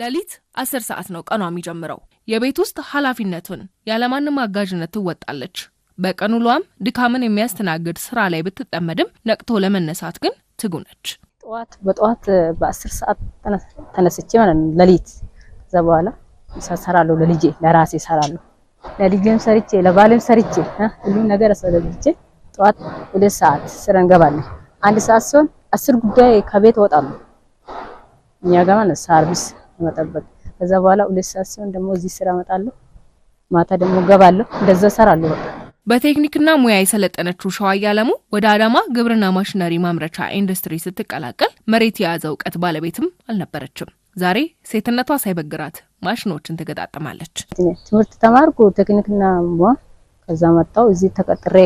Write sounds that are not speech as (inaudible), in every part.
ሌሊት አስር ሰዓት ነው ቀኗ የሚጀምረው። የቤት ውስጥ ኃላፊነቱን ያለማንም አጋዥነት ትወጣለች። በቀኑ ሏም ድካምን የሚያስተናግድ ስራ ላይ ብትጠመድም ነቅቶ ለመነሳት ግን ትጉ ነች። ጠዋት በጠዋት በአስር ሰዓት ተነስቼ ማለት ነው ሌሊት። ከዛ በኋላ ሰራለሁ፣ ለልጄ ለራሴ ሰራለሁ። ለልጄም ሰርቼ ለባሌም ሰርቼ ሁሉም ነገር አሰረግቼ ጠዋት ሁለት ሰዓት ስራ እንገባለን። አንድ ሰዓት ሲሆን አስር ጉዳይ ከቤት እወጣለሁ። እኛ ጋር ማለት ሰርቪስ መጠበቅ። ከዛ በኋላ ሁለት ሰዓት ሲሆን ደግሞ እዚህ ስራ እመጣለሁ። ማታ ደግሞ ገባለሁ። እንደዛ እሰራለሁ በቃ። በቴክኒክና ሙያ የሰለጠነችው ሸዋ አለሙ ወደ አዳማ ግብርና ማሽነሪ ማምረቻ ኢንዱስትሪ ስትቀላቀል መሬት የያዘ እውቀት ባለቤትም አልነበረችም። ዛሬ ሴትነቷ ሳይበግራት ማሽኖችን ትገጣጥማለች። ትምህርት ተማርኩ ቴክኒክና ሙያ። ከዛ መጣው እዚህ ተቀጥሬ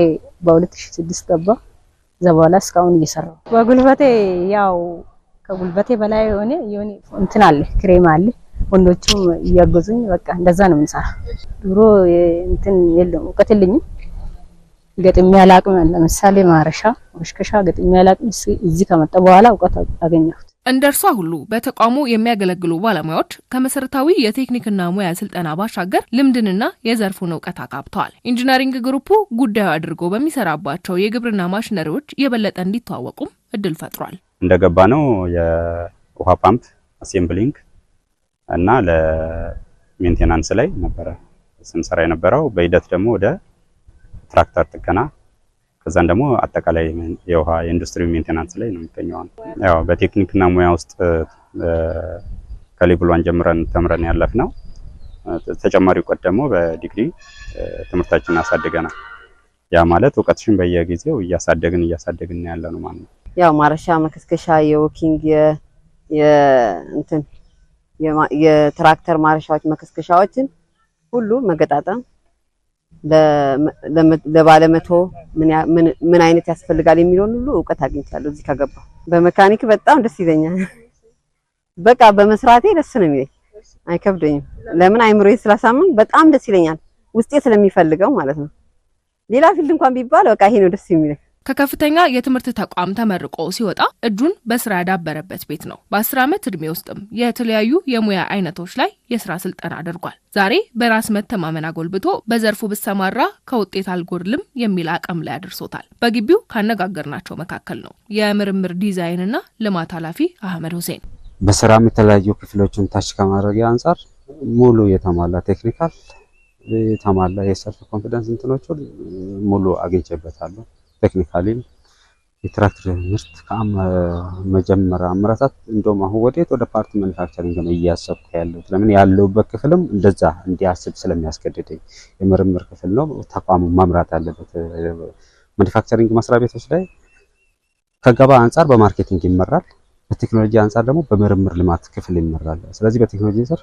በ2006 ገባ። እዛ በኋላ እስካሁን እየሰራው በጉልበቴ ያው ከጉልበቴ በላይ የሆነ የሆነ እንትን አለ ክሬም አለ። ወንዶቹ እያገዙኝ በቃ እንደዛ ነው የምንሰራ። ድሮ እንትን የለም እውቀት የለኝም። ገጥሜ አላቅም። ለምሳሌ ማረሻ ወሽከሻ ገጥሜ አላቅም። እዚህ ከመጣ በኋላ እውቀት አገኘሁት። እንደ እርሷ ሁሉ በተቋሙ የሚያገለግሉ ባለሙያዎች ከመሰረታዊ የቴክኒክና ሙያ ስልጠና ባሻገር ልምድንና የዘርፉን እውቀት አካብተዋል። ኢንጂነሪንግ ግሩፑ ጉዳዩ አድርጎ በሚሰራባቸው የግብርና ማሽነሪዎች የበለጠ እንዲተዋወቁም እድል ፈጥሯል። እንደገባ ነው የውሃ ፓምፕ አሴምብሊንግ እና ለሜንቴናንስ ላይ ነበረ ስንሰራ የነበረው። በሂደት ደግሞ ወደ ትራክተር ጥገና ከዛን ደግሞ አጠቃላይ የውሃ የኢንዱስትሪ ሜንቴናንስ ላይ ነው የሚገኘው። ያው በቴክኒክና ሙያ ውስጥ ከሌቭል ዋን ጀምረን ተምረን ያለፍ ነው። ተጨማሪ እውቀት ደግሞ በዲግሪ ትምህርታችንን አሳድገናል። ያ ማለት እውቀትሽን በየጊዜው እያሳደግን እያሳደግን ያለ ነው ማለት ነው። ያው ማረሻ መከስከሻ፣ የወኪንግ የእንትን የትራክተር ማረሻዎች መከስከሻዎችን ሁሉ መገጣጠም ለባለመቶ ምን አይነት ያስፈልጋል የሚለውን ሁሉ እውቀት አግኝቻለሁ እዚህ ከገባ። በመካኒክ በጣም ደስ ይለኛል። (laughs) በቃ በመስራቴ ደስ ነው የሚለኝ፣ አይከብደኝም። ለምን አይምሮዬ ስላሳምን በጣም ደስ ይለኛል፣ ውስጤ ስለሚፈልገው ማለት ነው። ሌላ ፊልድ እንኳን ቢባል በቃ ይሄ ነው ደስ የሚለኝ። ከከፍተኛ የትምህርት ተቋም ተመርቆ ሲወጣ እጁን በስራ ያዳበረበት ቤት ነው። በአስር ዓመት ዕድሜ ውስጥም የተለያዩ የሙያ አይነቶች ላይ የስራ ስልጠና አድርጓል። ዛሬ በራስ መተማመን አጎልብቶ በዘርፉ ብሰማራ ከውጤት አልጎድልም የሚል አቅም ላይ አድርሶታል። በግቢው ካነጋገርናቸው መካከል ነው የምርምር ዲዛይንና ልማት ኃላፊ አህመድ ሁሴን። በስራም የተለያዩ ክፍሎችን ታች ከማድረግ አንጻር ሙሉ የተሟላ ቴክኒካል የተሟላ የሰልፍ ኮንፊደንስ እንትኖቹን ሙሉ አግኝቼበታለሁ። ቴክኒካሊም የትራክተር ምርት ከመጀመሪያ አምራታት እንደውም አሁን ወዴት ወደ ፓርት ማኑፋክቸሪንግ ነው እያሰብኩ ያለሁት። ለምን ያለሁበት ክፍልም እንደዛ እንዲያስብ ስለሚያስገድደኝ የምርምር ክፍል ነው ተቋሙ መምራት ያለበት። ማኒፋክቸሪንግ መስሪያ ቤቶች ላይ ከገባ አንጻር በማርኬቲንግ ይመራል፣ በቴክኖሎጂ አንጻር ደግሞ በምርምር ልማት ክፍል ይመራል። ስለዚህ በቴክኖሎጂ ስር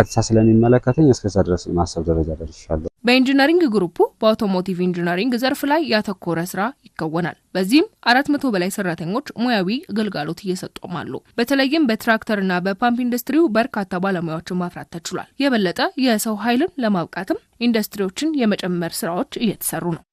ቀጥታ ስለሚመለከተኝ እስከዛ ድረስ ማሰብ ደረጃ ደርሻለሁ። በኢንጂነሪንግ ግሩፑ በአውቶሞቲቭ ኢንጂነሪንግ ዘርፍ ላይ ያተኮረ ስራ ይከወናል። በዚህም አራት መቶ በላይ ሰራተኞች ሙያዊ ግልጋሎት እየሰጡም አሉ። በተለይም በትራክተርና በፓምፕ ኢንዱስትሪው በርካታ ባለሙያዎችን ማፍራት ተችሏል። የበለጠ የሰው ኃይልን ለማብቃትም ኢንዱስትሪዎችን የመጨመር ስራዎች እየተሰሩ ነው።